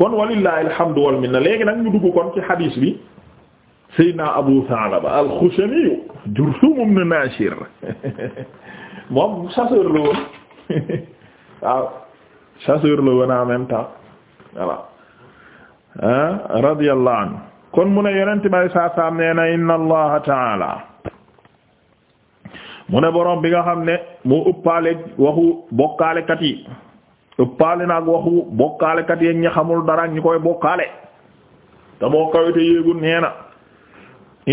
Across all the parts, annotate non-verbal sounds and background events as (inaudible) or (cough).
kon walillahi alhamdu wal minna léegi nag ñu dugg kon ci hadis bi Seydina Abu Tha'laba al-Khushani Jursum ibn (laughs) moom chasseur la woon (laughs) waaw chasseur la woon kon mu ne yonent bay saa saam nee na inna allaha taala mu ne boroom bi nga xam ne mu ëppaale waxu yi ëppaale naag waxu bokkaalekat yeeg ñi xamul dara ñi koy bokkaale te moo kawite yéegul nee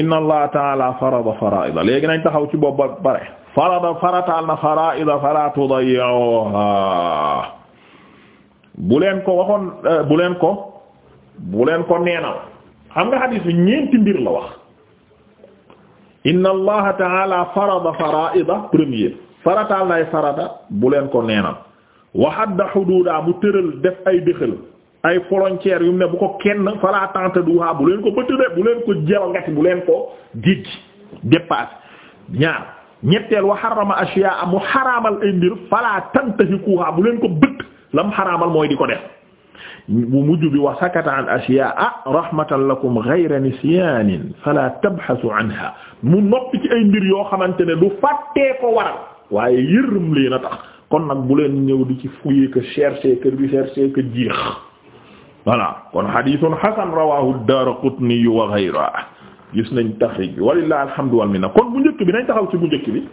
na allah taala farada faraida léegi nañ taxaw ci bopp ba pare farada farataal na faraida fala tudayyuha bu leen ko waxoon eh, bu leen ko bu leen ko neenal xam nga xadiis ñeenti mbir la wax inna allah taala farada faraida premier farataal nay farada bu leen ko neenal waxadda xuduudaa mu tëral def ay dëxal ay frontières yu ne bu ko kenn fala tantaduha bu leen ko bëtt de bu leen ko jalgati bu leen ko jéggi dépassé ñaar ñetteel wa xarama ashiyaa mu xaraamal ay mbir fala tantahikuha bu leen ko bëtt lam xaraamal mooy di ko def bu mujj bi wa sakata an ashiyaa rahmatan lakum ghayra nisyanin fala tabhasu anha mu noppi ci ay mbir yoo xamante ne du fàttee ko waral waaye yërëm leen a tax kon nag bu leen ñëw di ci fouiller que chercher que rechercher jiix voilà kon hadithun hasan rawahu ad-Daraqutni wa gis nañ taxrij bi walillahi alhamdu wal kon bu njëkk bi nañ taxaw ci bu njëkk bi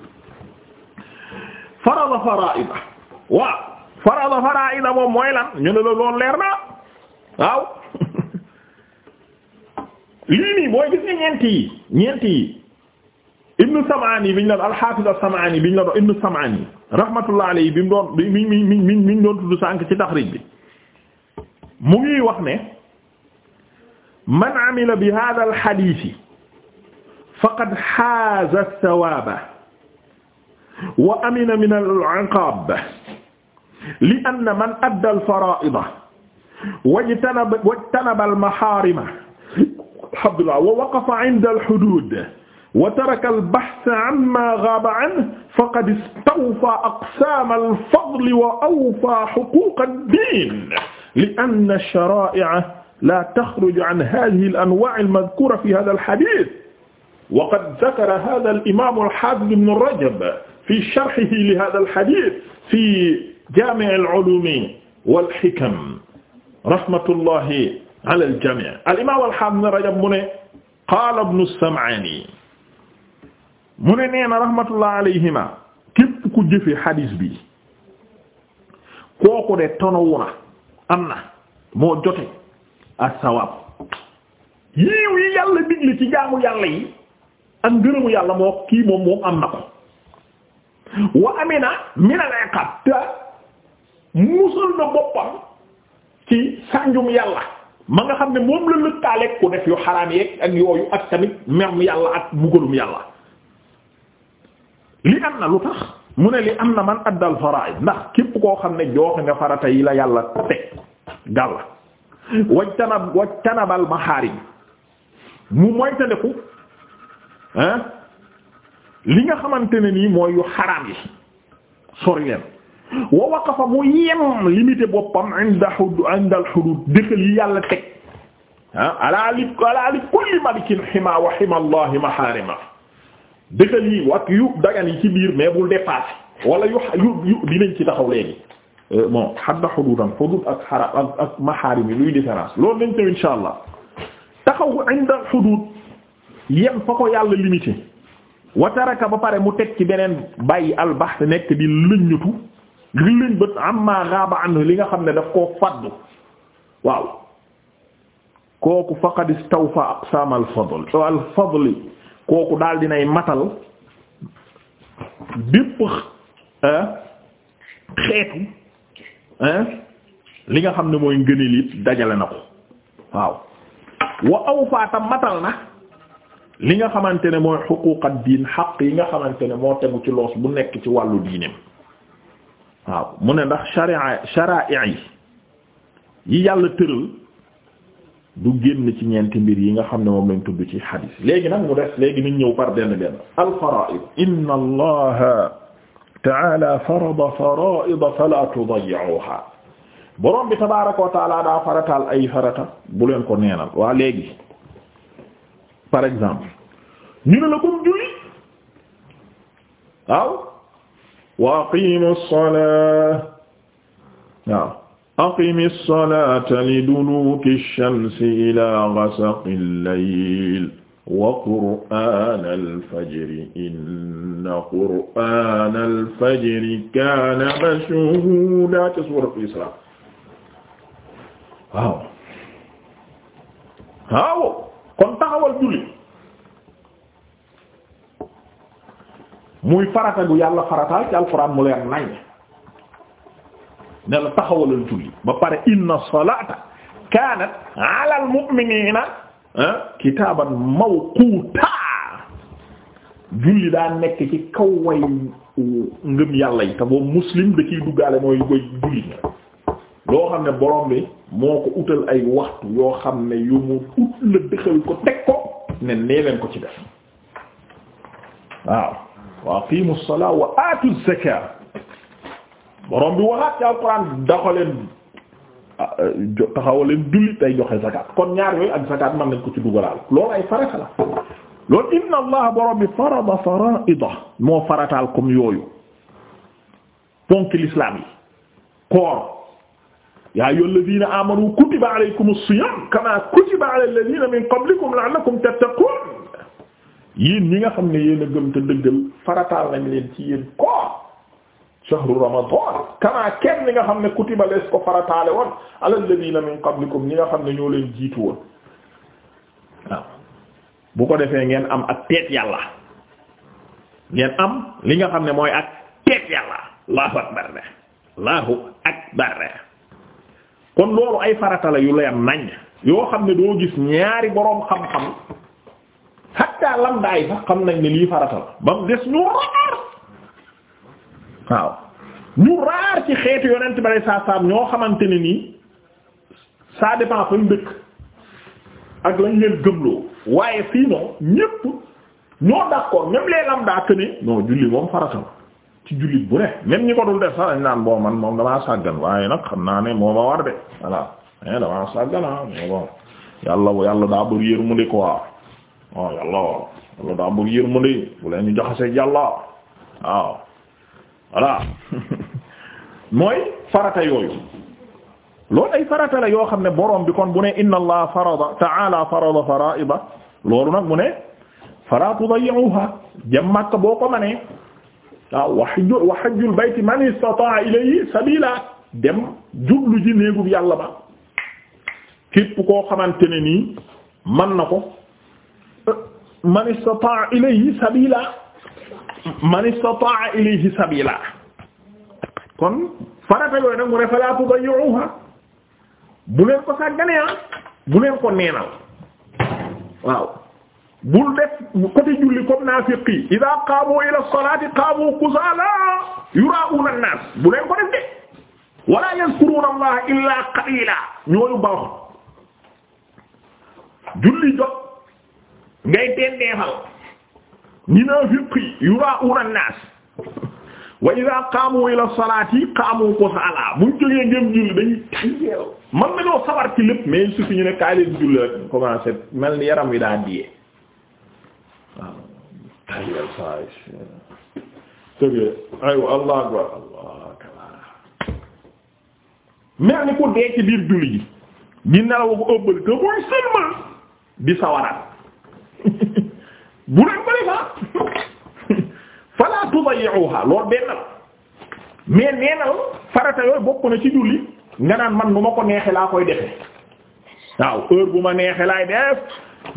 farada fara'ida waaw farada fara'ida moom mooy lan ñu ne la loolu leer na waaw (laughs) lii nii mooy gis ñeenti ñeenti yi ibnu Sam'ani biñ la al-Hafiz as-Sam'ani biñ la doon ibnu Sam'ani rahmatullah alayhi bi mu doon bi mi mi mi mi doon tudd sànq ci taxrij bi mu ngi wax ne man amila bi hadha al-hadith faqad haza ath-thawaba wa amina min al-'iqab li anna man adda al-fara'ida wajtanaba wajtanaba al-maharima alhamdulillah wa waqafa 'inda al-hudud wa taraka al-bahsa amma ghaba anhu faqad istawfa aqsam al-fadl wa awfa huquq ad-din li anna ash-shara'i'a la takhruj an hadhihi al-anwa' al-madhkura fi hadha al-hadith wa qad dhakara hadha al-imam al-hafiz ibn Rajab fi sharhihi li hadha al-hadith fi jami' al-ulum wal-hikam rahmatullahi ala al-jami' al-imam al-hafiz ibn Rajab mu ne qala ibn as-Sam'ani mu ne nee na rahmatullah alayhima képp ku jëfe xadiis bi kooku de tonowu na am na moo jote as-sawaab yiiw yi yàlla digle ci jaamu yàlla yi ak ngërëmu yàlla moo kii moom moom am na ko wa amina min al na boppam nga xam ne moom la lëkkaaleeg ku def yu xaraam yeeg ak yooyu ak tamit mem yàlla ak mbugalum yàlla li am na lu tax mu ne li am na man addal faraa'id ndax képp koo xam ne jooxe nga farata yi la yàlla teg gàll wajtanab wajtanabal maxaarim mu moytandiku ah li nga xamante ne nii mooy yu xaraam yi sori leen wa waqafa mu yem limité boppam inda hud inda al hudud dëkkal yi yàlla teg ah ala li ala li kulli malikin xima wa xima allahi maharima dëggal yi ak yu dagan yi ci biir mais bul dépasser wala yu yu yu dinañ ci taxaw léegi euh, bon xadda xududan xudud ak xara ak ak maxaarim yi luy différence loolu nañ taw insha allah taxaw inda xudud yem fa yàlla limité wa taraka ba pare mu teg ci beneen bàyyi albaxt nekk di lëññatu di lëñ bët gaaba anhu li nga xam ne daf koo faddu waaw kooku faqad istawfa aqsam al fadl al fadl kooku daal dinay matal bépp xeetu li nga xam ne mooy ngëneel it dajale na ko waaw wa awfaata matal na li nga xamante ne mooy xuquqat diin xaq yi nga xamante ne moo tegu ci loos bu nekk ci wàllu diineem waaw mu ne ndax sharia sharai yi yàlla tëral du génn ci ñeenti mbir yi nga xam ne moom lañ tudd ci xadiis léegi nag mu des léegi nañ ñëw par benn benn alfaraid inna allaha taala farada faraida fala tudayyuha borom bi tabaaraka wa taala daa farataal ay farata bu leen ko neenal waa léegi par exemple ñu ne la comme julli waaw wa aqimu ssalaa waaw aqimi salaata liduluuki shamsi ilaa ghasaqi layl wa qur'aana alfajri inna qur'aana alfajri kaana mashhuuda ca suuratul Israa waaw waaw kon taxawal julli muy farata gu yàlla farataal ci alxuraan mu leer nañ ne la taxawalal julli ba pare inna salata kanat ala al mu'minina ah, kitaaban mawquta julli daa nekk ci kaw way ngëm yàlla yi te boobu muslim da ciy duggaale mooy koy julli loo xam ne borom bi moo ko utal ay waxtu yoo xam ne yu mu ut la dëxal ko teg ko ne nee ko ci def waaw wa aqimu salaa wa aatu zakaa borom bi waxaat ci alquran doxaleen ah, taxawaleen julli tay joxe zakat kon ñaar yooyu ak zakat mën nañ ko ci dugalaal loolu ay farata la loolu inna allah borom bi moo farataal comme yooyu ponk l'islam yi koor yaa ayyuha alladhina amanu kutiba alaykumus siyam kama kutiba ala alladhina min ñi nga xam ne yéen a gëm te dëggal farataal nañ leen ci yéen koor shahru ramadan kamaa kenn li nga xam ne kutiba lees ko farataale woon ala alladina min qablikum ñi nga xam ne ñoo leen jiitu woon waaw bu ko defee ngeen am ak teet yàlla ngeen am li nga xam ne mooy ak teet yàlla allahu akbar ne allahu akbar ne kon loolu ay farata yu leen nañ yoo xam ne doo gis ñaari boroom xam-xam hatta lam daay sax xam nañ ne lii farata ba mu des ñu raar waaw ñu raar ci xeetu yonent ba saa saam ñoo xamante ne nii ça dépend fañ dëkk ak lañ leen gëmloo waaye sinon ñépp ñoo d'accord même les lambda que ne non julli moom farata ci jullit bu ne même ñi ko dul def sax dañ naan boo man moom damaa sàggan waaye nag xam naa ne moo ma war de voilà eh damaa sàggan ah mais bon yàlla yàlla daa bëri yërmande quoi waaw oh, yàlla yàlla daa bëri yërmande bu leen ñu yàlla waaw. voilà (laughs) mooy farata yooyu loolu ay farata la yoo xam ne borom bi kon bu ne inna allah farada ta'ala farada fara'ida loolu nag mu ne fala tudayyi'uha jëm Makka boo ko manee waaw wa hajju wa hajjul bayti man istata'a ilayhi sabila dem jublu ji néegub yàlla ba képp koo xamante ne nii man na ko man istata'a ilayhi sabila man istata'a ilayhi sabila kon farata yooyu nag mu ne fala tudayyuha bu leen ko sàgganee ah bu leen ko neenal waaw bul def côté julli comme naafiqi ida qaamu ila salati qaamu kusala yura'una an-nas bu leen ko def de wala yazkuruna allaha illa qalila ñooyu baaxut julli jot ngay tendeefal munaafiq yuraa'uuna naas wa idaa qaamu ila salaati qaamu kusaalaa buñ jógee ngëm julli dañuy tayyeew man nañoo sawar ci lépp mel ni yaram wi daa diyee waaw tayyeew saay tëgee aywa allah akbar mel ni ku dee ci biir julli ji di nelaw ko ëbbali te mooy sëlmal di sawaraat (laughs) bu leen ko defaa fala tudayyuha loolu benn la mais neenal farata yooyu bokk na ci julli nga naan man nu ma ko neexe laa koy defe waaw heure bu ma neexe laay def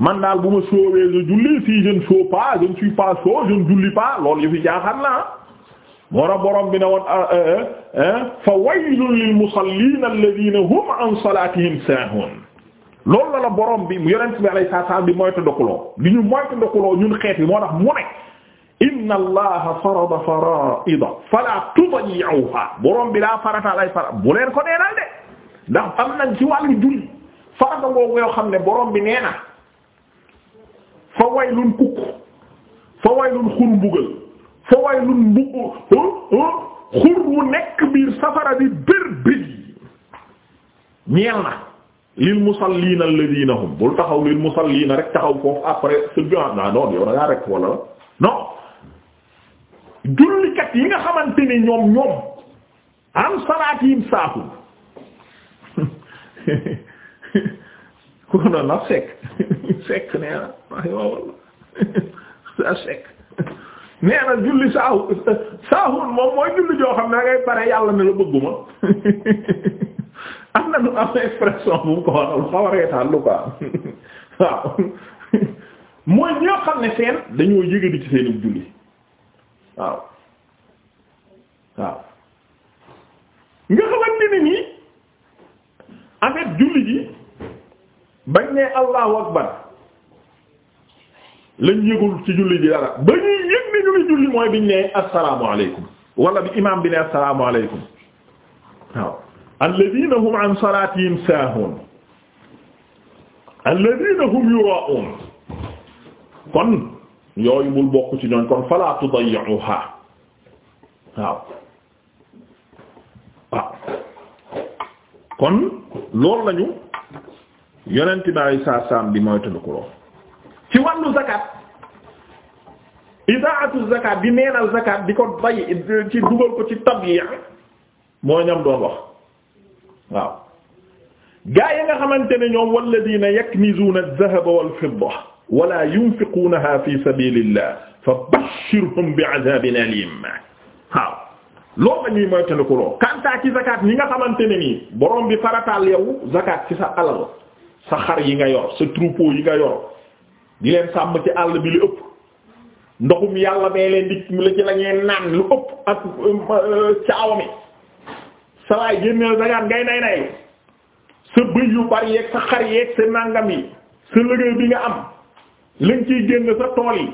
man daal bu ma soowee je julli si je ne soow pas je ne pas soow je julli pas loolu yu fi jaaxal naa moo tax borom bi na woon ah, eh, eh, eh, fa waylun lil musallin alladhina hum an salatihim sahun lool la la borom bi yonent bi alayhi salaam bi moytu ndokuloo li ñu moytu ndokuloo ñun xeet yi moo tax mu ne inna allaha farada fara'ida fala tudayyi'uha borom bi daa farataal ay fara bu ko neenal de am nañ ci wàllu julli farata boobu xam ne borom bi nee na fa waylun kukk fa waylun xur mbugal fa waylun mbug xur nekk biir safara bi bir bi lil musalliina alladhiina hum bul taxaw lil musalliina rek taxaw foofu après sëñ bi ah non yow da ngaa rek wala la non jullikat yi nga xamante ni ñoom ñoom am salaatiim saafu (laughs) kon na sekk (laughs) sekk nee na (laughs) nee na julli saahu saahul moom mooy julli joo xam ne da pare yàlla ne la bëgguma am na lu am expression bu mu ko wax lu xaw reetaan lu (laughs) ko waaw mooy ñoo xam ne seen dañoo yëgadi ci seen julli waaw waaw nga xamante ne nii en julli ji bañ ne allahu akbar lañ yëgul ci julli ji dara ba ñuy yëg ni ñu julli mooy biñ ne assalaamu alaykum wala bi imaam bi ne assalaamu alaykum waaw alladina hum an salatihim saahun alladina hum yura'un kon yooyu bul bokk ci ñoon kon fala tudayyuha waaw waaw kon loolu lañu yonente bi alei saat salam bi mooy tëdd ko ci wàllu zakat idaatu zakat di neenal zakat di ko bay ci dugal ko ci tabiya moo ñam doon wax waaw gaa yi nga xamante ne ñoom walladina yaknizuuna adh-dhahaba wal-fidda wala yunfiquunaha fi sabilillah fabashshirhum bi'adhabin alim waaw loolu la ñuy moytandiku loo kanta ci zakat ñi nga xamante ne nii borom bi farataal yow zakat ci sa alal sa xar yi nga yor sa troupeau yi nga yor di leen sàmm ci àll bi lu ëpp ndoxum yàlla bee leen di la ci la ñuy naan lu ëpp ak euh, euh, caawami sa waay génneel dagaan ngay nay nay sa bëy yu bari yeeg sa xar yeeg sa nàngam yi sa liggéey bi nga am lañ ciy génn sa tool yi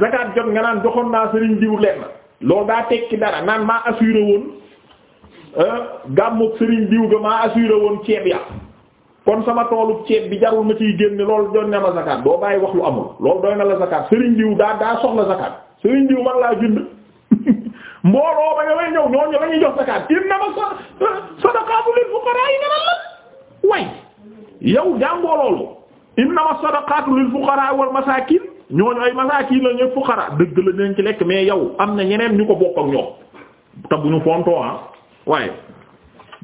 zakat jot nga naan joxoon naa sëriñ diw lenn loolu daa tekki dara naan maa assuré woon ah, gàmmuk sëriñ diw ga maa assuré woon ceeb ya kon sama toolu ceeb bi jarul ma ciy génn loolu doon ne ma zakat doo bàyyi wax lu amul loolu doy na la zakat sëriñ diw daa daa soxla zakat sëriñ diw man laa jënd (laughs) mbooloo ba nga lay ñëw ñooñu la ñuy jox zakat innama sadaqatu lil fuqara yi nga naan la way yow jàngoo loolu innama sadaqatu lil fuqara wal masakin ñooñu ay masakin la ñu fuqara dëgg la ñu ci lekk mais yow am na ñeneen ñu ko bokk ak ñoom te bu ñu fontoo ah waaye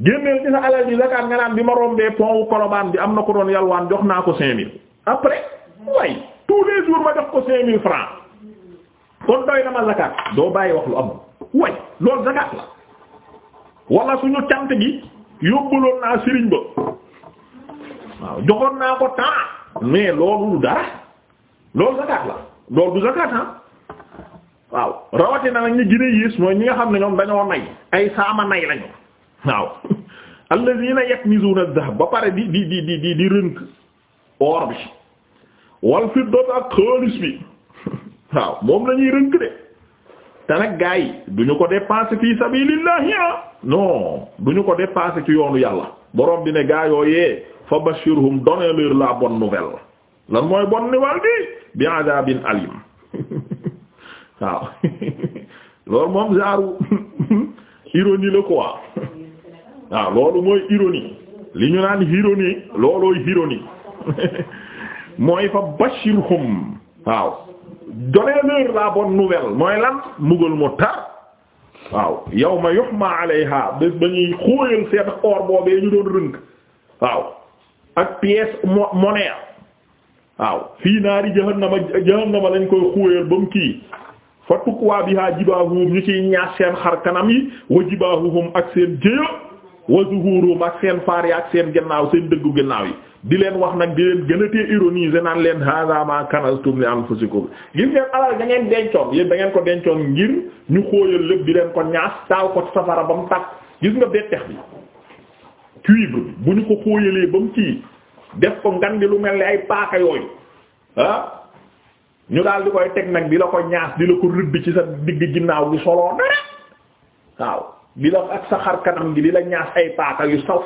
génneel ci sa alal bi zakat nga naan bi ma rombee pont Colobane bi am na ko doon yalwaan jox naa ko 5000 après way tous les jours ma jox ko 5000 francs kon doy na ma zakat doo bàyyi wax lu amul. way loolu zakat la wala suñu cant gi yóbbaloon naa sëriñ ba waaw joxoon naa ko temps mais loolu du dara loolu la loolu du zakat ah waaw rawatina nag ñi gën yées mooy ñi nga xam ne ñoom dañoo nay ay saama nay lañu waaw (laughs) alladhina yaknizuna adh-dhahab ba pare di di di di di rënk or bi wal fiddata ak xaalis bi (laughs) waaw moom lañuy rënk de te nag gaa yi du ñu ko dépenser fi sabilillahi ah non du ñu ko dépenser ci yoonu yàlla boroom bi ne gaa yooyee fa bashirhum donnez-leur la bonne nouvelle lan mooy bonne nouvelle bi bi adabin alim (laughs) (laughs) (laughs) waaw loolu la quoi waaw mooy ironie li ñu naan ironie loolooy ironie mooy fa bashirhum waaw. donnez-leur la bonne nouvelle mooy lan mbugal mu tar waaw yawma yuhma alayha bés ba ñuy xóoyal seen or boobee ñu doon rënk waaw ak pièce monnaie waaw fii naari jahannama jahannama lañ koy xóoyal ba mu kii fa tukwaa biha jibahuhum ñu ciy ñaas seen xar kanam yi wa jibahuhum ak seen jéya wa zuhurum ak seen faar yi ak seen gannaaw seen dëggu gannaaw yi di leen wax nag di leen gën a tee ironiser naan leen hada ma kanastum li anfusikum gis ngeen alal da ngeen dencoon yéen da ngeen ko dencoon ngir ñu xóoyal lépp di leen ko ñaas taaw ko safara ba mu tàkk gis nga bettex bi cuivre bi bu ñu ko xóoyalee ba mu ci def ko ngan lu mel ni ay paaka yooyu ah ñu daal di koy teg nag di la ko ñaas di la ko rëbb ci sa digg ginnaaw gi soloo dara waaw di la ak sa xar kanam gi di la ñaas ay paaka yu saw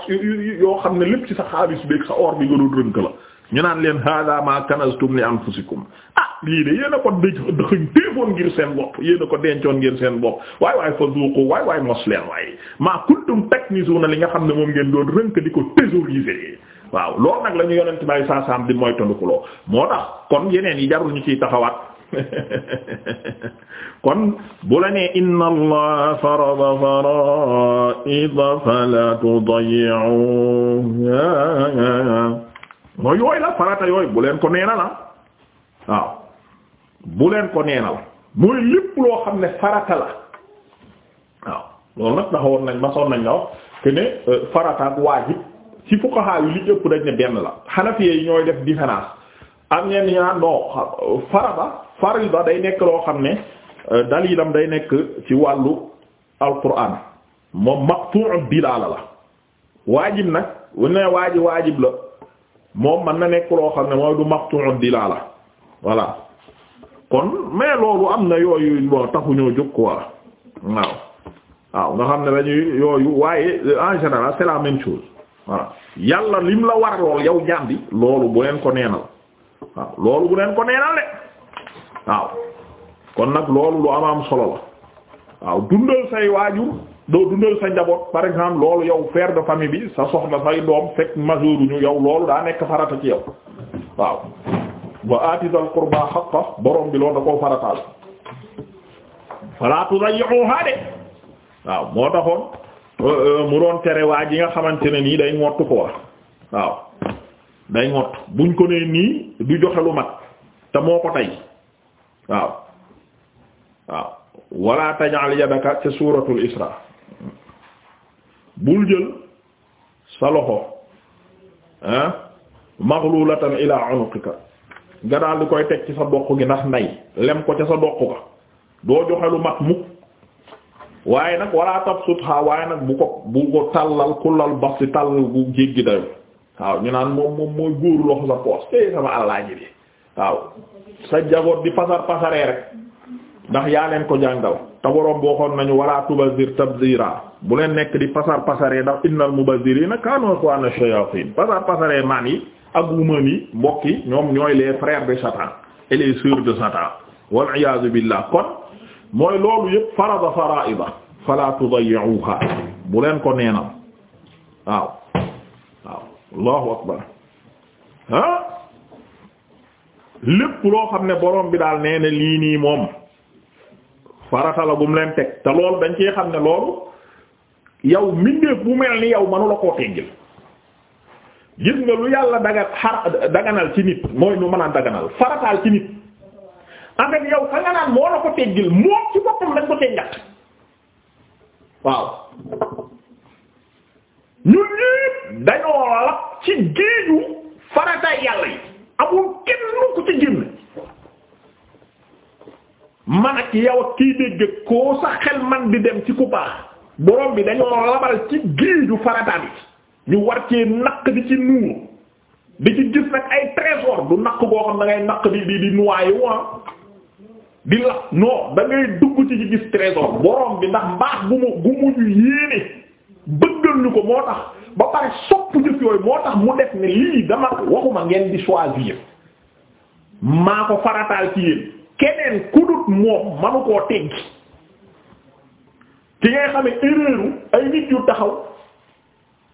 yoo xam ne lépp ci sa xaalis beeg sa or bi nga doon rënk la ñu naan leen hada ma kanaztum li anfusikum ah lii de yéen a ko dëxëñ téefoon ngir seen bopp yéen a ko dencoon ngeen seen bopp waay waay fa zuuqu waay waay mos leen waay maa kuntum na li nga xam ne moom ngeen doon rënk di ko thésauriser waaw loolu nag la ñu yonent bay saasaam di mooy tondukuloo moo tax kon yi jarul ñu taxawaat (laughs) kon bu la nee inna allaha farada fara'ida fala tudayyi'uha mooy yooyu la farata yooyu bu leen ko neenal la ah. waaw bu leen ko neenal mooy lépp loo xam ne farata la waaw loolu nag taxawoon nañ ma sonn nañ la wax que ne euh, farata ak waajib ci fuqaha yi li ëpp dañ ne benn la Hanafi yi ñooy def différence am ñenn ñu naan non farada farida day nekk loo xam ne euh, dalilam day nekk ci wàllu alquran moom maqtu'u dilaala la waajib nag bu ne waaji waajib la moom mën na nekk loo xam ne mooy du maqtu'u dilaala voilà kon mais loolu am na yooyu bon taxuñoo jóg quoi waaw nga xam ne dañuy yooyu waaye en général c'est la chose voilà yàlla lim la war lool yow jaam bi loolu bu leen ko neenal waaw loolu bu leen ko neenal de waaw kon nag loolu lu am am solo la waaw dundal say waajur doo dundal sa njaboot par exemple loolu yow père de famille bi sa soxna say doom fekk majeur ñu yow loolu daa nekk farata ci yow waaw wa aati dal qurba haqqa borom bi loolu da koo farataal fala tudayyuha de waaw moo taxoon euh, euh, mu doon tere waa ji nga xamante ne nii day ngottu ko waaw day ngott buñ ko nee nii du joxe lu mat te moo ko tey waaw waaw wala tajal yadaka ca suuratul isra bul jël sa loxo ah maghlulatan ila unuqika nga daal di koy teg ci sa doq gi ndax nay lem ko ca sa doq ka doo joxe lu mat mukk waaye nag wala tabsutha waaye nag bu ko bu ko tàllal kullal basti tàllal bu jéggi dayo waaw ñu naan moom moom mooy góoru loxo sa poos tey sama àllaaji bi waaw sa jaboot di pasar pasaree rek ndax yaa leen ko jàngal te boroom boo xoon nañu wala tubazir tabzira bu leen nekk di pasar pasaree ndax innal mubazirina kanu ikhwana shayatin pasar pasaree man yi ak wuman yi mbokk ñoom ñooy les frères de Satan et les sœurs de Satan wal iyaazu billah kon mooy loolu yëpp farada fara'ida fala tudayyi'uha bu leen ko neenal waaw allahu akbar lépp loo xam ne boroom bi daal nee na lii nii moom farata la gum leen teg te loolu dañ ci xam ne loolu yow mbindeef bu mel ni yow manula koo teggil gis nga lu yàlla daga xar daganal ci nit mooy nu mën a daganal farataal ci nit en yow ka moo la ko teggil moom ci boppam lañ ko teggat waaw ñun ñépp dañoo lab ci géeju farataay yàlla yi amul kenn ku ci génn man ak yow ak kiy dégg koo sa xel man di dem ci ku baax boroom bi dañoo labal ci géeju farata bi ñu war ci naq di ci nuur di ci gis nag ay trésor du naq boo xam da ngay naq di di di noyé wa ah. di la non da dugg ci ci gis trésor borom bi ndax mbaax gu mu ñu yéene bëggal ñu ko moo tax ba pare sopp jëf yooyu moo tax mu def ne lii dama waxuma ngeen di choisir maa ko farataal ci yéen keneen ku dut moom manu koo teggi ki ngay xamee erreur ay nit yu taxaw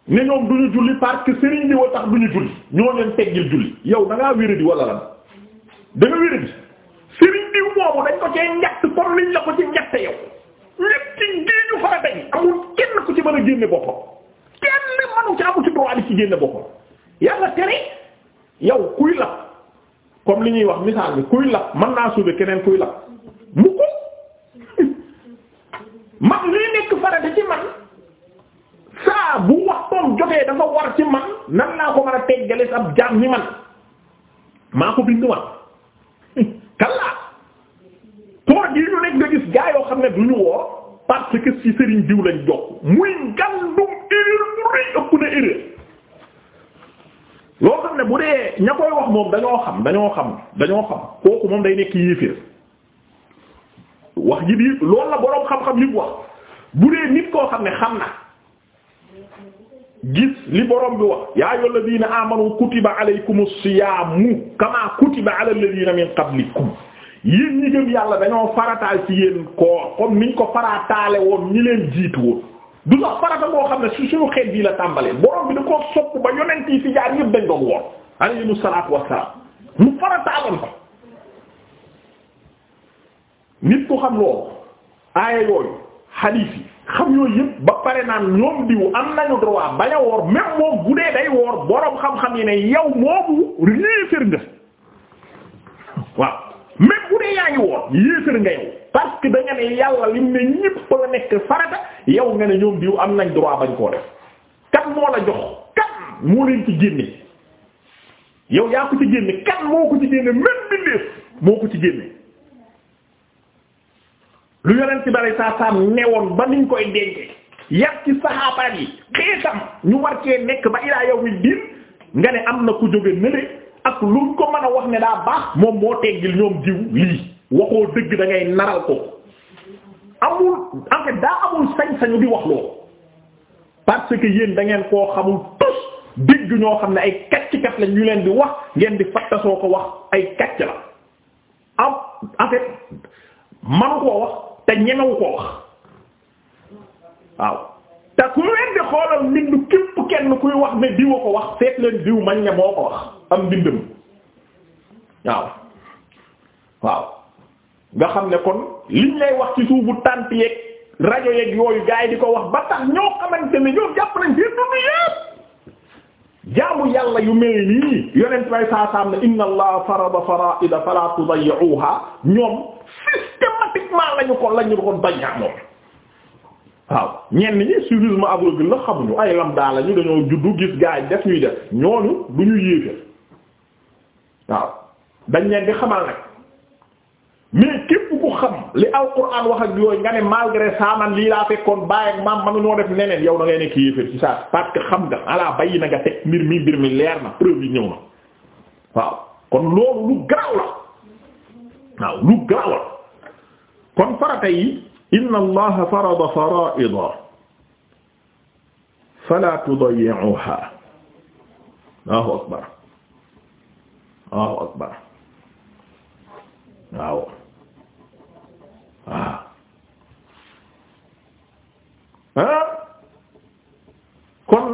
ne ñoom du ñu julli parce que sëriñ bi wa tax du ñu julli ñoo leen teggil julli yow da ngaa wéradi wala lan da nga wéradi sëriñ diw moomu dañ ko cee ñett comme liñ la ko ci ñette yow lépp ci farata yi amul kenn ku ci mën a génne boppam kenn manu ci amul ci droit bi ci génne boppam yàlla tere yow kuy lab comme li ñuy wax misaal bi kuy lab mën naa sauver keneen kuy lab mu ko man lii nekk farata ci man saa bu waxtoon jotee dafa war ci man nan laa ko mën a teggale ab jaam ni man maa ko bind wan (laughs) kallaa koor gi ñu nekk nga gis gaa yoo xam ne du ñu woor parce que ci sëriñ diw lañ jokk muy ngandum erreur bu rëy ëpp na erreur loo xam ne bu dee ña koy wax moom dañoo xam dañoo xam dañoo xam kooku moom day nekk yéeféer wax ji bi loolu boroom xam-xam yi wax bu dee nit koo xam ne xam na gis li boroom bi wax yaa ayyuhal ladina amanu kutiba alaykumus siyamu kama kutiba alal ladina min qablikum yéen ñi gëm yàlla dañoo farataal ci yéen koor comme niñ ko farataale woon ñi leen jiitu woon du sax farata boo xam ne su suñu xeet bii la tàmbalee borom bi da koo ba yonent yi fi jaar dañ doon woor alayhimu salaatu wassalaam mu farataaloon ko nit ku xam loolu aaya yooyu xadiis yi xam yooyu yëpp ba pare naan ñoom diw am nañu droit bañ a woor même moom bu day woor borom xam-xam yi ne yow moomu réefér nga waaw dee yaa ngi woor yéefér nga yow parce que da nga ne lim ne ñépp la nekk farata yow nga ne ñoom diw am nañ droit bañ koo def kan moo la jox kan moo leen ci génne yow yaa ko ci génne kan moo ko ci génne même bindeef moo ko ci génne lu yonent bi alay saa saam newoon ba niñ koy denc yar ci saxaabaan yi xeetam ñu war cee nekk ba ilaa yow mi diin nga ne am na ku jóge nële ak lu ko mën a wax ne daa baax moom moo teggil ñoom diw lii waxoo dëgg da ngay naral ko amul en daa amul sañ-sañu di wax loolu parce que yéen da ngeen koo xamul tus dégg ñoo xam ne ay kacc kat la leen di wax ngeen di fattasoo ko wax ay kacc la am en manu koo wax te ñemewu koo wax waaw te ku leen di xoolal mbindu képp kenn kuy wax ne diwa ko wax seet leen diw mañ ne moo ko wax am bindam waaw waaw nga xam ne kon liñ lay wax ci suufu tànt yeeg rajo yeeg yooyu gars yi di ko wax ba tax ñoo xamante ne yu mel nii yonent bay saasaam ne inna allaha farada fara'ida fala ko lañu ko dayya moom waaw ñenn ñi suivisme aveugle la xamuñu ay lam daa lañu dañoo juddu gis gars def ñuy def ñooñu du ñu yéeféer dañ leen di xamal nag xam li alquran wax ak yooyu nga ne malgré ça man lii laa fekkoon baay ak maam manu ñoo def neneen yow da ngay nekk yéeféer ci saa parce xam nga ala bayi na nga teg mbir mi leer na preuve yi ñëw kon loolu lu garaaw la waaw lu garaaw la farata yi inna allaha farada fara'ida fala tudayyi'uha allahu akbar waaw waaw ah kon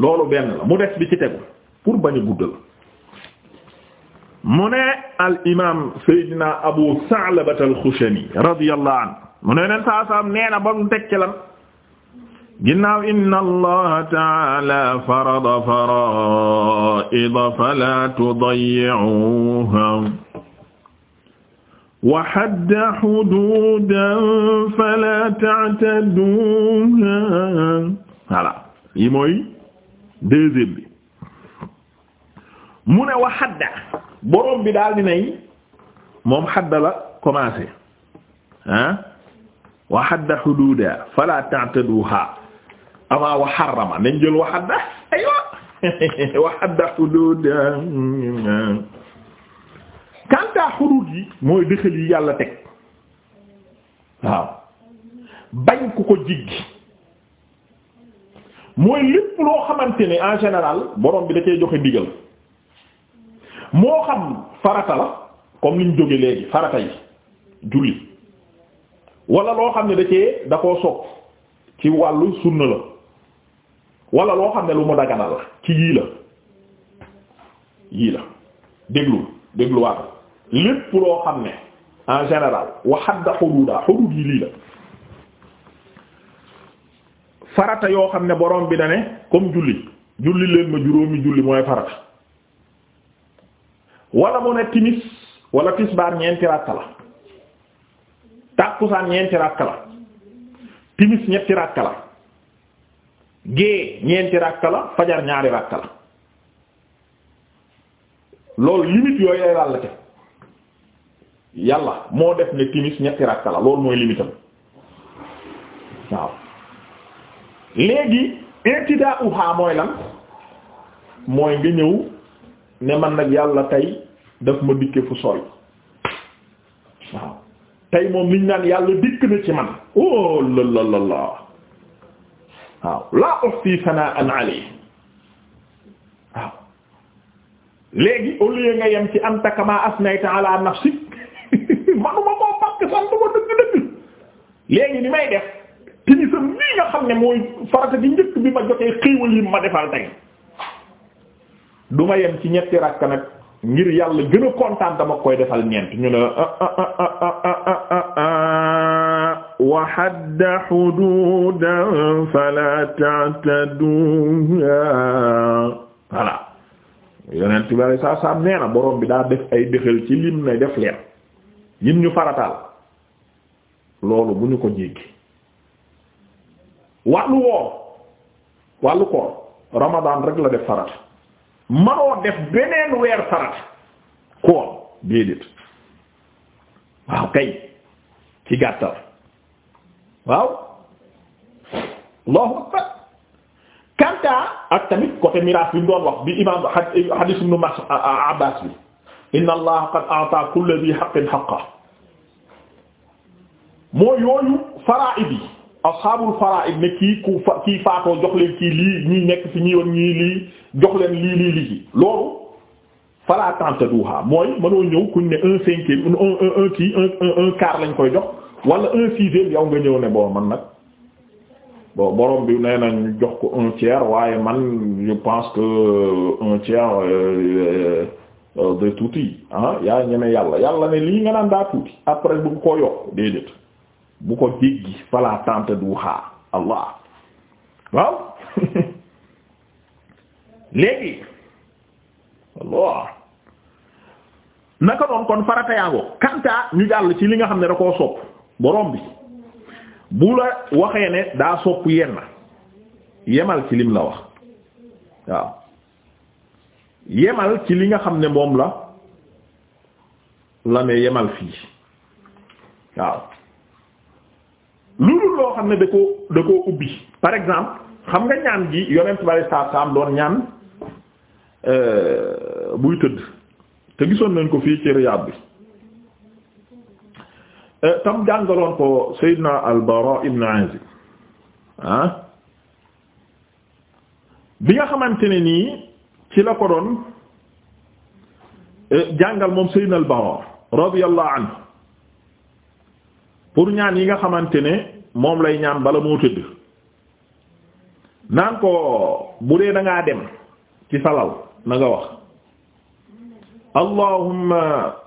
loolu benn la mu des bi ci tegu pour bañ a guddal mu ne al imaam Seydina Abu Sa'labata al-Khushani radiyallahu mu ne neen saa saam nee ba mu teg ginnaaw inna allaha taala farada faraida fala tudayyi'uha wa hadda hududan fala ta'taduha voilà yi mooy deuxième bi mu ne wa hadda borom bi daal dinay moom hadda la commencé ah wa hadda hududa fala ta'taduha amaa wa nañ jël wa hadda kanta hudud yi mooy dëxal yi yàlla teg waaw bañ ku ko jiggi mooy lépp loo xamante ne en général borom bi da cee joxe ndigal moo xam farata la comme liñ jóge léegi farata yi julli wala loo xam ne da cee da ci wàllu sunna la wala loo xam ne lu mu daganal la ci yii la yii la déglu dégluwaat lépp loo xam ne en général waxadda xuduudaa xuduud yi lii la farata yoo xam ne borom bi da ne comme julli julli leen ma juróomi julli mooy farata wala mu ne timis wala tisbaar ñeenti ràkka la tàkkusaan ñeenti ràkka la timis ñetti ràkka la gée ñeenti ràkka la fajar ñaari ràkka la loolu limite yooyu lay lal la yàlla moo def ne timis ñetti ràkka la loolu mooy limitam waaw léegi intidaa uha mooy lan mooy nga ñëw ne man nag yàlla tey daf ma dikke fu sooy waaw tey moom liñ naan yàlla dikk na ci man oh la la la waaw laa uhsi sana'an alayhi waaw léegi au nga yem ci anta kama asnayta ala nafsik (laughs) manuma koo pakk santuma dëgg-dëgg léegi ni may def timisam lii nga xam ne mooy farata bi njëkk bi ma jotee xéewal yi ma defal tey duma yem ci ñetti rakk nag ngir yàlla gën a kontaan dama koy defal ñeent ñu ne ah, ah, ah, wa hadda hududan fala ta'taduha voilà yonent bi alei saa salaam nee na borom bi daa def ay dëxal ci lim ne def leen yim ñu farataal loolu bu ñu ko jéggi wàllu woor wàllu koor ramadan rek la def farat maroo def beneen weer farat koor déedéet waaw kay ci gàttal waaw allahu akbar kanta ak tamit côté miraas bi mu doon wax bi imam hadith ibn Mas'ud Abbas bi inna allaha qad a'ta kulli dhi haqqin haqqahu moo yooyu faraa'id yi ashaabul faraa'id ne kii ku fa kii faatoo jox leen kii lii ñii nekk fi ñii woon ñii lii jox leen lii lii lii loolu falaa tantaduha mooy mënoo ñëw kuñ ne un cinquième un un un kii un un quart lañ koy jox wala un sixième yow nga ñëw ne bon man nag bon borom bi nee nañ jox ko un tiers waaye man je pense que euh, un tiers euh, euh, de tuuti ah yaa ñeme yàlla yàlla ne lii nga naan daa tuuti après bu ko yokk déedéet bu ko jéggi fala tante du xaar allah (laughs) léegi allah naka noon kon farata yaangoo ñu jàll ci li nga xam ne da koo sopp borom bi bu la waxee ne daa sopp yenn yemal ci lim la wax waaw yemal ci li nga xam ne moom la la ne yemal fii waaw lu dul loo xam ne da koo da koo ubbi par exemple xam nga ñaan gi yonent bari saa saam doon ñaan euh, buy tëdd te gisoon nañ ko fii ci Riyad bi Euh, tam jàngaloon ko Seydina al ibn Azib ah bi nga xamante ne nii ci la ko doon euh, jàngal moom Seydina al-Bara radiyallahu anhu pour ñaan yi nga xamante ne moom lay ñaan bala moo tëdd naan ko bu dee da ngaa dem ci salal na nga wax allahumma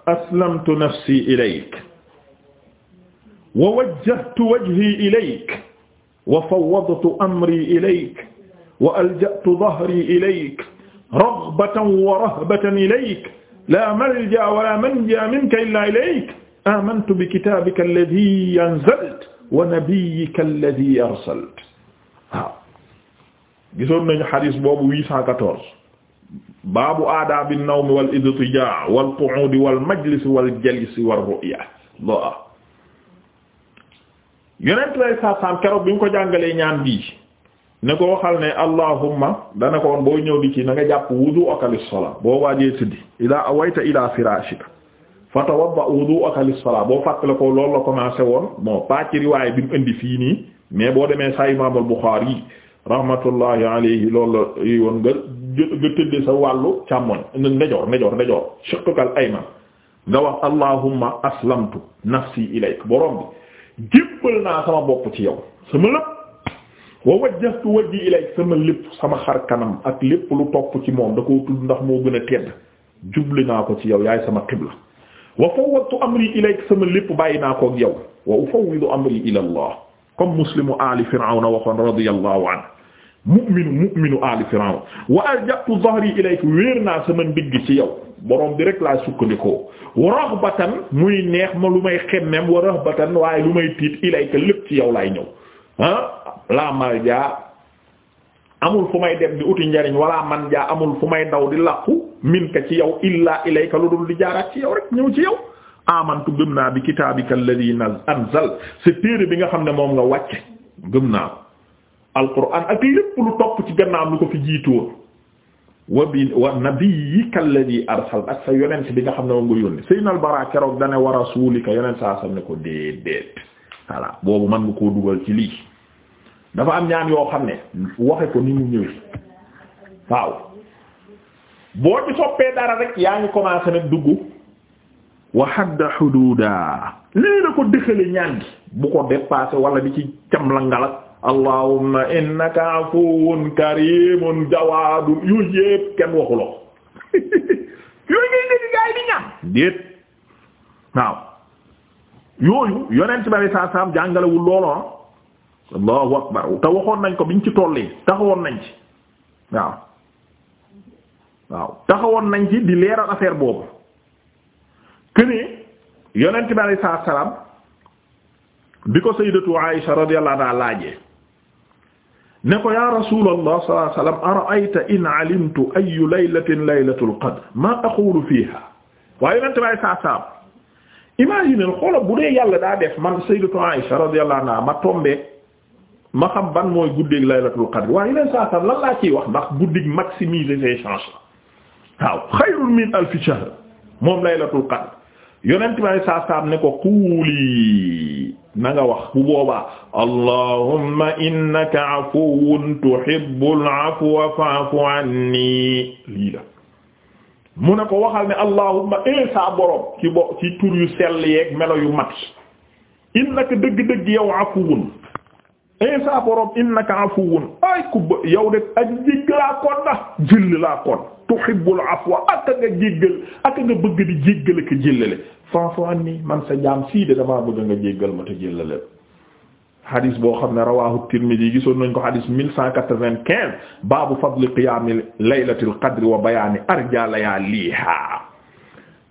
aslamtu nafsi ilayk wa wajjahtu wajhi ilayk wa fawwadtu amri ilayk wa alja'tu dhahri ilayk raghbatan wa rahbatan ilayk la malja wa la manja minka illa ilayk amantu bi kitabika alladhi anzalta wa nabiyyika alladhi arsalta waaw gisoon nañu xadis boobu 814 baabu aadaabi an-nawmi wal idtijaa' wal qu'uudi wal majlisi wal jalisi war ru'ya yonent lay saasaan keroog bi ñu ko jàngalee ñaan bii ne ko waxal ne allahumma dana ko woon boo ñëw di ci na nga jàpp wudu'aka lis-salaa boo waajee tëddi ila awayta ila firaashika fatawadda wudu'aka lis-salaa boo fàttale ko loolu la commencé woon moo pas ci bi mu indi fii nii mais boo demee sa imaamul Buxaari rahmatullahi alayhi loolu la yoon nga nga tëdde sa wàllu càmmoñ ndejoor ndejoor ndejoor shiqqal ayman nga wax allahumma aslamtu nafsi ilayk borom bi jébbal naa sama bopp ci yow sama lépp wa wajjahtu wajhi ilayk sama lépp sama xar kanam ak lépp lu topp ci moom da koo moo gën a tedd jubli naa ko ci yow yaay sama xibla wa amri ilayk sama lépp bàyyi naa ko ak yow wa ufawwidu amri ila allah comme muslimu aali firawna waxoon radiyallahu anhu mu'minu mu'minu aali firawn wa alja'tu ilayka wéer naa sama ndigg ci yow borom bi rek laa sukkandikoo wa raghbatan muy neex ma lu may xemmem wa raghbatan waaye lu may tiit ilayka lépp ci yow laay ñëw ah laa maljaa amul fu may dem di uti njariñ walaa man jaa amul fu may daw di làqu minka ci yow illaa ilayka lu dul di jaaraat ci yow rek ñëw ci yow amantu gëm naa bi kitaabika alladhi anzal sa téere bi nga xam ne moom nga wàcce gëm naa alquran ak lépp lu topp ci gannaaw lu ko fi jiitoon wa bi wa nabiyyika alladhi arsal ak sa yonent bi nga xam ne moom nga yónni sayyidina al-Bara keroog dane wa rasulika yonent saa sam ne ko déedéet voilà boobu man nga koo dugal ci lii dafa am ñaan yoo xam ne waxe ko ni ñu ñëwee waaw boo soppee dara rek yaa ngi commencé nag dugg wa hadda hududa lii ko dëxale ñaan bu ko dépassé wala di ci cam la ngalak allahumma innaka afuwun karimun jawaadu yooyu yépp kenn waxuloo (laughs) yooyu ngay dégg gaay di ñaan déet waaw yooyu yonent bari saa saam jàngalewul looloo ah. allahu akbar te waxoon nañ ko biñ ci tollee taxawoon nañ ci waaw waaw taxawoon nañ ci di leeral affaire boobu kënee yonent bari saa salaam bi ko sayyidatu Aisha radiyallahu anha laajee ne ko ya rasulallah sallallahu alayhi wa sallam ara'ayta in alimtu ayu laylatin laylatul qadr ma aqulu fiha waaye yonente bay saa saam imagine xoolal bu dee yàlla daa def man sayyidatu Aisha radiyallahu anha ma tombe ma xam ban mooy guddeeg laylatul qadr waaye yeneen saa saam lan laa ciy wax ndax guddig maximiser ses chances la waaw xayrun min alfi shahr moom laylatul qadr yonent bi saa saam ne ko kuuli na wax bu booba allahumma innaka afuwun ko wax ne allahumma ee eh, saa borom ci tur yu sell yeeg melo yu mat innaka dëgg-dëgg yow afuwun ee eh, saa borom innaka afuwun ay ku yow de ak jégg laa kon jill laa kon tuhibbul afwa ak nga jéggal ak nga bëgg di jéggal ak jéllale faafu anni man sa jaam sii de damaa bëgg nga jéggal ma te jéllaleel xadis boo xam ne rawahu tirmidi gisoon nañ ko xadis mille cent quatre-vingt-quinze baabu fadli qiyaami laylatil qadri wa bayaani arja layaaliha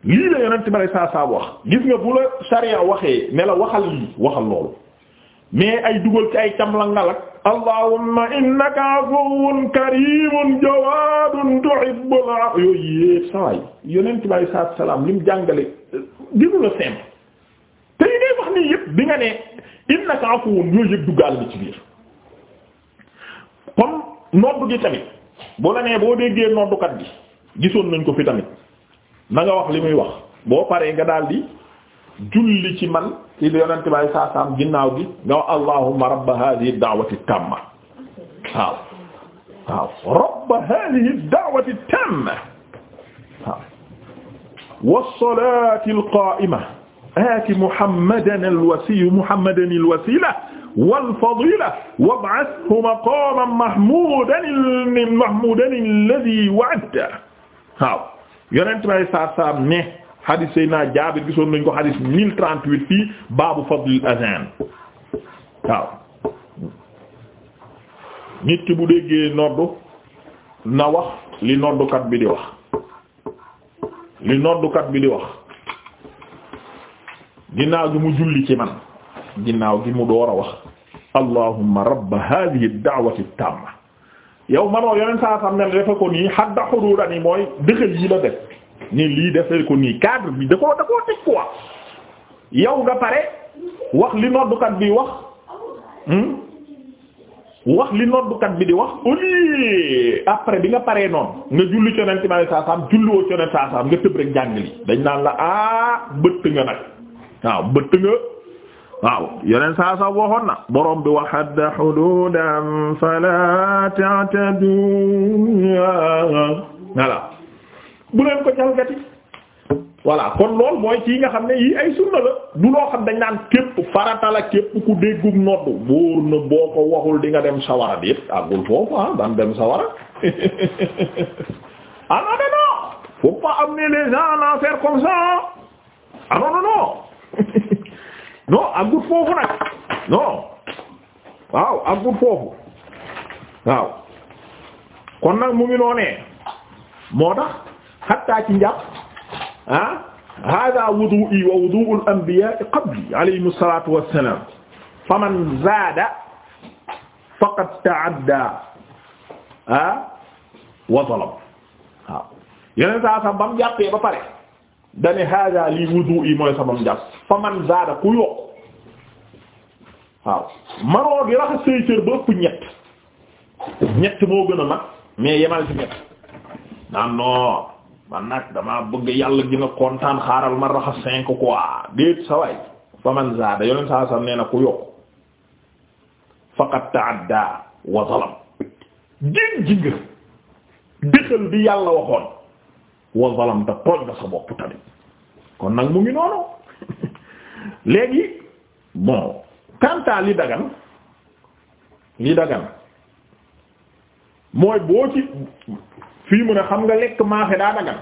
lii la yonent bi saa saa wax gis nga bu la sariya waxee ne waxal lii waxal loolu mais ay dugal ci ay camlangal ak allahumma innaka afuwwun karimun jawadun tuhibbul afwa yooyu yépp sawaay yonent bi alei salaatu salaam li mu jàngale gënu la simple te yi ngay wax nii yépp bi ne innaka afuwwun yooyu yépp duggaal bi ci biir kon noddu gi tamit boo la nee boo déggee noddukat bi gisoon nañ ko fi tamit na nga wax li muy wax boo paree nga daal daldi julli ci man ci yonente bay saasaam ginnaaw gi nga wax allahumma rabba hadhihi da'wati tamma waaw waaw rabba hadhihi da'wati tamma waaw was-salati al-qa'ima ati muhammadan al-wasiy muhammadan al-wasila wal-fadila wab'athhu maqaman mahmudan mahmudan alladhi wa'adta waaw yonente bay saasaam ne hadis naa Jaabir gisoon nañ ko hadis mille trente-huit fii baabu fadlil azan waaw nit ki bu déggee noddu na wax li noddukat bi di wax li noddukat bi di wax ginnaaw gi mu julli ci man ginnaaw gi mu door a wax allahumma rabba hadhihi ad-da'wati at-tamma yow manoo yoneen saa xam ne defe ko nii xadda xuduuda ni mooy dëxël yi la def ne lii defee ko nii cadre bi da koo da koo teg quoi yow nga pare wax li noddukat bi wax hmm? wax li noddukat bi di wax au lieu après bi nga paree noonu nga julli coneen ci mane saasaam julliwoo coneen saasaam nga tëb rek jàng li dañ naan la ah bëtt nga nag waaw bëtt nga waaw yeneen saa saa waxoon na borom bi wa hadda hududan fala ta'tadu voilà bu leen ko jalgati voilà kon lool mooy ci nga xam ne yi ay sunna la du loo xam dañ naan képp farata la képp ku déggub noddu bóor na boo ko waxul di nga dem sawara bi yëpp àggul foofu ah daan dem sawara (laughs) ah non non non faut ah, (laughs) foofu nag non waaw àggul foofu waaw kon nag mu ngi noonee moo tax xatta ci njàpp ah hada wudu'i wa wudu'u al-anbiya'i qabli alayhimu salaatu wassalaam faman zaada faqad ta'adda ah wa zalama waaw yeneen saa sax ba mu jàppee ba pare dane hada lii wudu'i mooy sama njàpp faman zaada ku yokk waaw maroo gi raxas say cër ba ëpp ñett ñett moo gën a mag mais yemal ci ñett naan non man nag damaa bëgg yàlla dina kontaan xaaral ma raxa cinq quoi déet sa waay fa man zaada yoneen saa sam nee na ku yokk faqad ta'adda wa zalam jén ji bi yàlla waxoon wa zalam nga sa bopp tamit kon nag mu ngi noonu (laughs) léegi bon kanta li dagan li dagan mooy boo ci fii mu ne xam nga lekk maafe daa dagan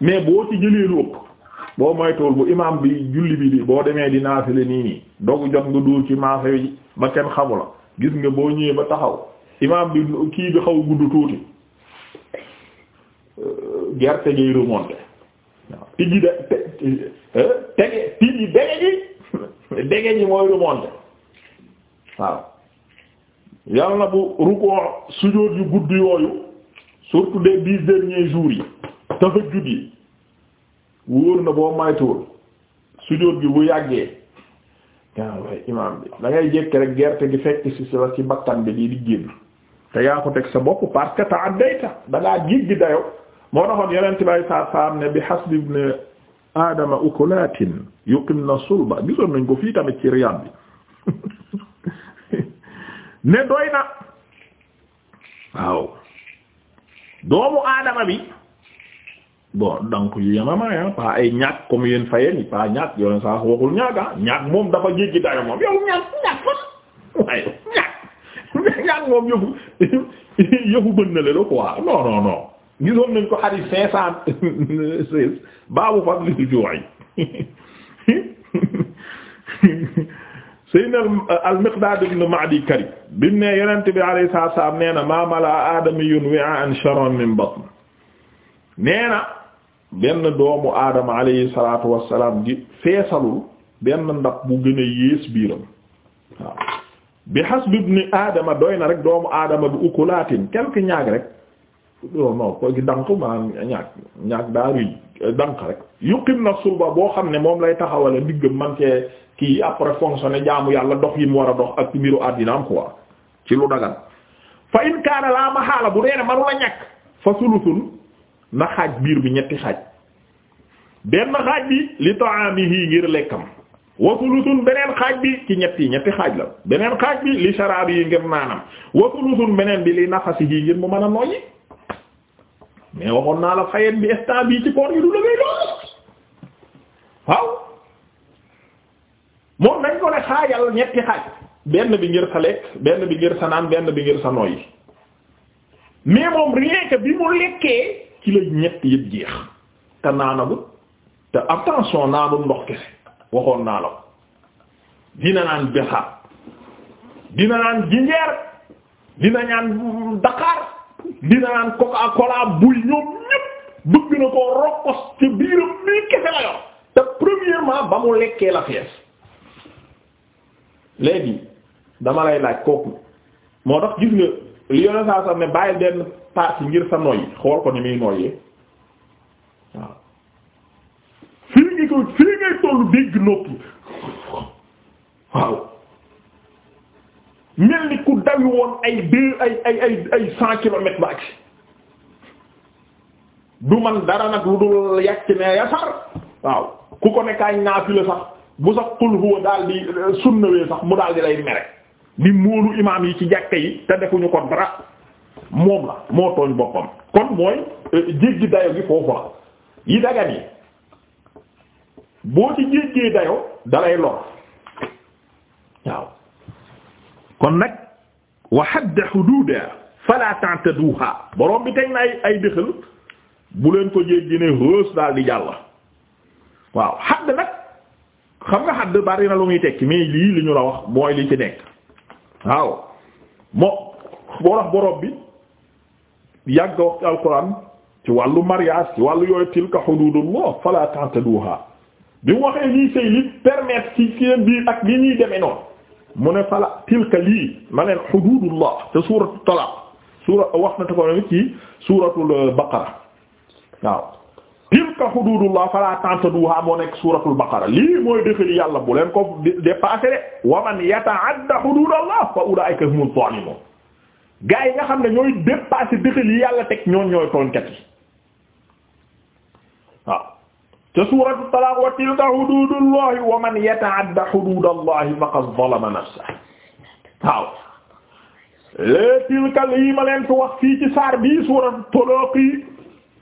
mais boo ci jëlee lu ëpp boo moytuwul bu imaam bi julli bi di boo demee di naafile nii nii dogu jox nga dóor ci maafe bi ba kenn xamu la gis nga boo ñëwee ba taxaw imaam bi kii bi xaw gudd tuuti euh, gerte ngay remonté waaw tijji de euh, tege tijji dege ji (laughs) dege ji mooy remonté waaw yàlla na bu rukkoo sujóot yu gudd yooyu surtout des dix derniers jours yi tahajjud yi wóor na boo maytuwul sujjóot gi bu yàggee gaa waaye imaam bi da ngay rek gerte gi fekk si la ci bakkan bi di di génn te yaa ko teg sa bopp parce que ta'addayta da ngaa jéggi dayo moo taxoon yeneen bay saat saam bi sulba gisoon nañ ko fii tamit ci Riyad bi (laughs) ne doy na waaw doomu aadama bi bon donc yu yamamaaya pas ay ñaag comme yéen fayen yi pas ñaag yoleen saa waxul ñaag ah ñaag moom dafa jéggi dayo moom yow ñaag ñaag fan waaye ñaag (laughs) ñaag moom yëfu (laughs) yëfu bën na la quoi non non non gisoon nañ ko xarit cinq cent seize baabu fadli (laughs) Sayyidina euh, al-Miqdaad ibn Ma'di bi mu ne yonent bi maa malaa aadamiyyun wi'aa'an sharran min batn nee na doomu aadama alayhi salaatu wa salaam di feesalul bu gën a biiram bi hasbi ibni aadama doy na rek doomu aadama bi ukulaatin quelque ñaag rek non non ko gi ndànk ñaag ñaag daa dànk rek yuqim na suuba boo xam ne moom lay taxawale ndiggam man cee kii après fonctionné jaamu yàlla dox yi mu war a dox ak mbiru àddinaam quoi ci lu dagan fa in kaana laa maxaala bu dee ne manu la ñàkk fa sulusun na xaaj biir bi ñetti xaaj benn xaaj bi li ta'amihi ngir lekkam wa sulusun beneen xaaj bi ci ñetti ñetti xaaj la beneen xaaj bi li sharabi yi ngir naanam wa sulusun beneen bi li nafasihi ngir mu man a noyyi mais waxoon naa la fayet bi instant bii ci koor yi du lëgéey lool waaw moom nañ ko ne xaajal ñetti xaaj benn bi ngir sa lekk benn bi ngir sa naan benn bi ngir sa noyyi mais moom rien que bi mu lekkee ci la ñetti yëpp jeex te naanagut te attention naanul ndox kese waxoon naa la ko dina naan besaat dina naan jinjeer dina ñaan daqaar dina naan coca cola buy ñoom ñëpp bëgg na koo rokkos ci biiram mii kese la yor te premièrement ba mu lekkee la fees léegi dama lay laaj kooku moo tax gis nga li yone saa ne bàyyi benn partie ngir sa noyyi xool ko ni muy noyyee fii ngi ko fii ngay tollu dégg noppi waaw mel ni ku dawi woon ay deux ay ay ay ay cent kilomètres ba du man dara nag lu dul yàcc ne yasar waaw ku ko nekkaañ naafila sax bu sax qul huwa daal euh, sunnawee sax mu daal di lay mere ni móolu imaam yi ci jàkke yi te defuñu ko dara moom la moo tooñ boppam kon mooy euh, jéggi dayo gi foofu la yi dagan yi boo ci jéggee dayo dalay lor waaw kon nag wa hadda hududa fala ta'taduha borom bi teg na ay ay bu leen ko jéggi ne hës daal di jàll waaw hadd nag xam nga hadd bari lu muy tekki mais lii li ñu la wax mooy li ci nekk waaw moo boo tax borom bi yàgg wax ci alquran ci wàllu mariage ci wàllu yooyu tilka hududullah fala ta'taduha bi mu waxee lii sëy li permettre ci seen biir ak li ñuy demee noonu mu ne fala tilka lii ma leen hududullah te suuratu talaq suura wax na te ko nit ci suuratul baqara waaw tilka hududullah fala ta'taduha moo nekk suuratul baqara lii mooy dëxali yàlla bu leen ko dépassé de wa man yata'adda hududallah fa ulaa'ika humuz zaalimuun gaa yi nga xam ne ñooy dépassé dëxali yàlla teg ñoon ñooy tooñkat yi waaw te suuratu talaaq wa tilka huduudullahi wa man yata'adda huduudallahi faqad zalama nafsahu waaw lee tilka lii ma leen wax fii ci saar bii suuratu talaaq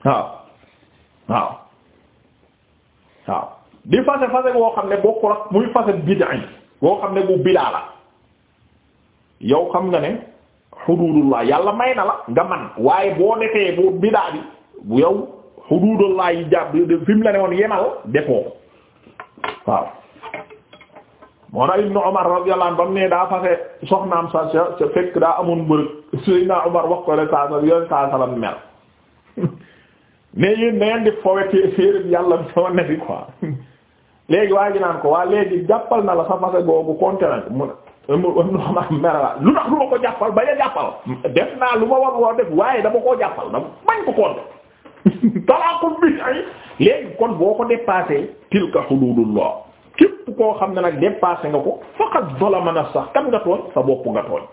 waaw waaw waaw di fase fase boo xam ne bokkul ak muy fase bid'a boo xam ne bu bidaa la yow xam nga ne yàlla may na la nga waaye boo defee bu bidaa bi xuduudullah yi jàpp fi mu la ne woon yemal defoo waaw moo tax Ibnu Umar radiyallahu anhu ba mu ne daa fase soxnaam sa sa fekk daa amoon bërëg Seydina Umar wax ko rek saa sa yoon saa salam mel mais yéen da ngeen di fowetee séeréer yàlla sama nefi quoi léegi waa ji naan ko waa léegi jàppal na la sa fase googu compté nañ ko mu ne mer lu tax lu ma ko jàppal bañ a jàppal def naa lu ma war woo def waaye dama koo jàppal dama bañ ko compté (laughs) talaqul bi ay léegi kon boo ko dépassé tilka hududullah képp koo xam ne nag dépassé nga ko faqad zalama nafsa kan nga tooñ sa bopp nga tooñ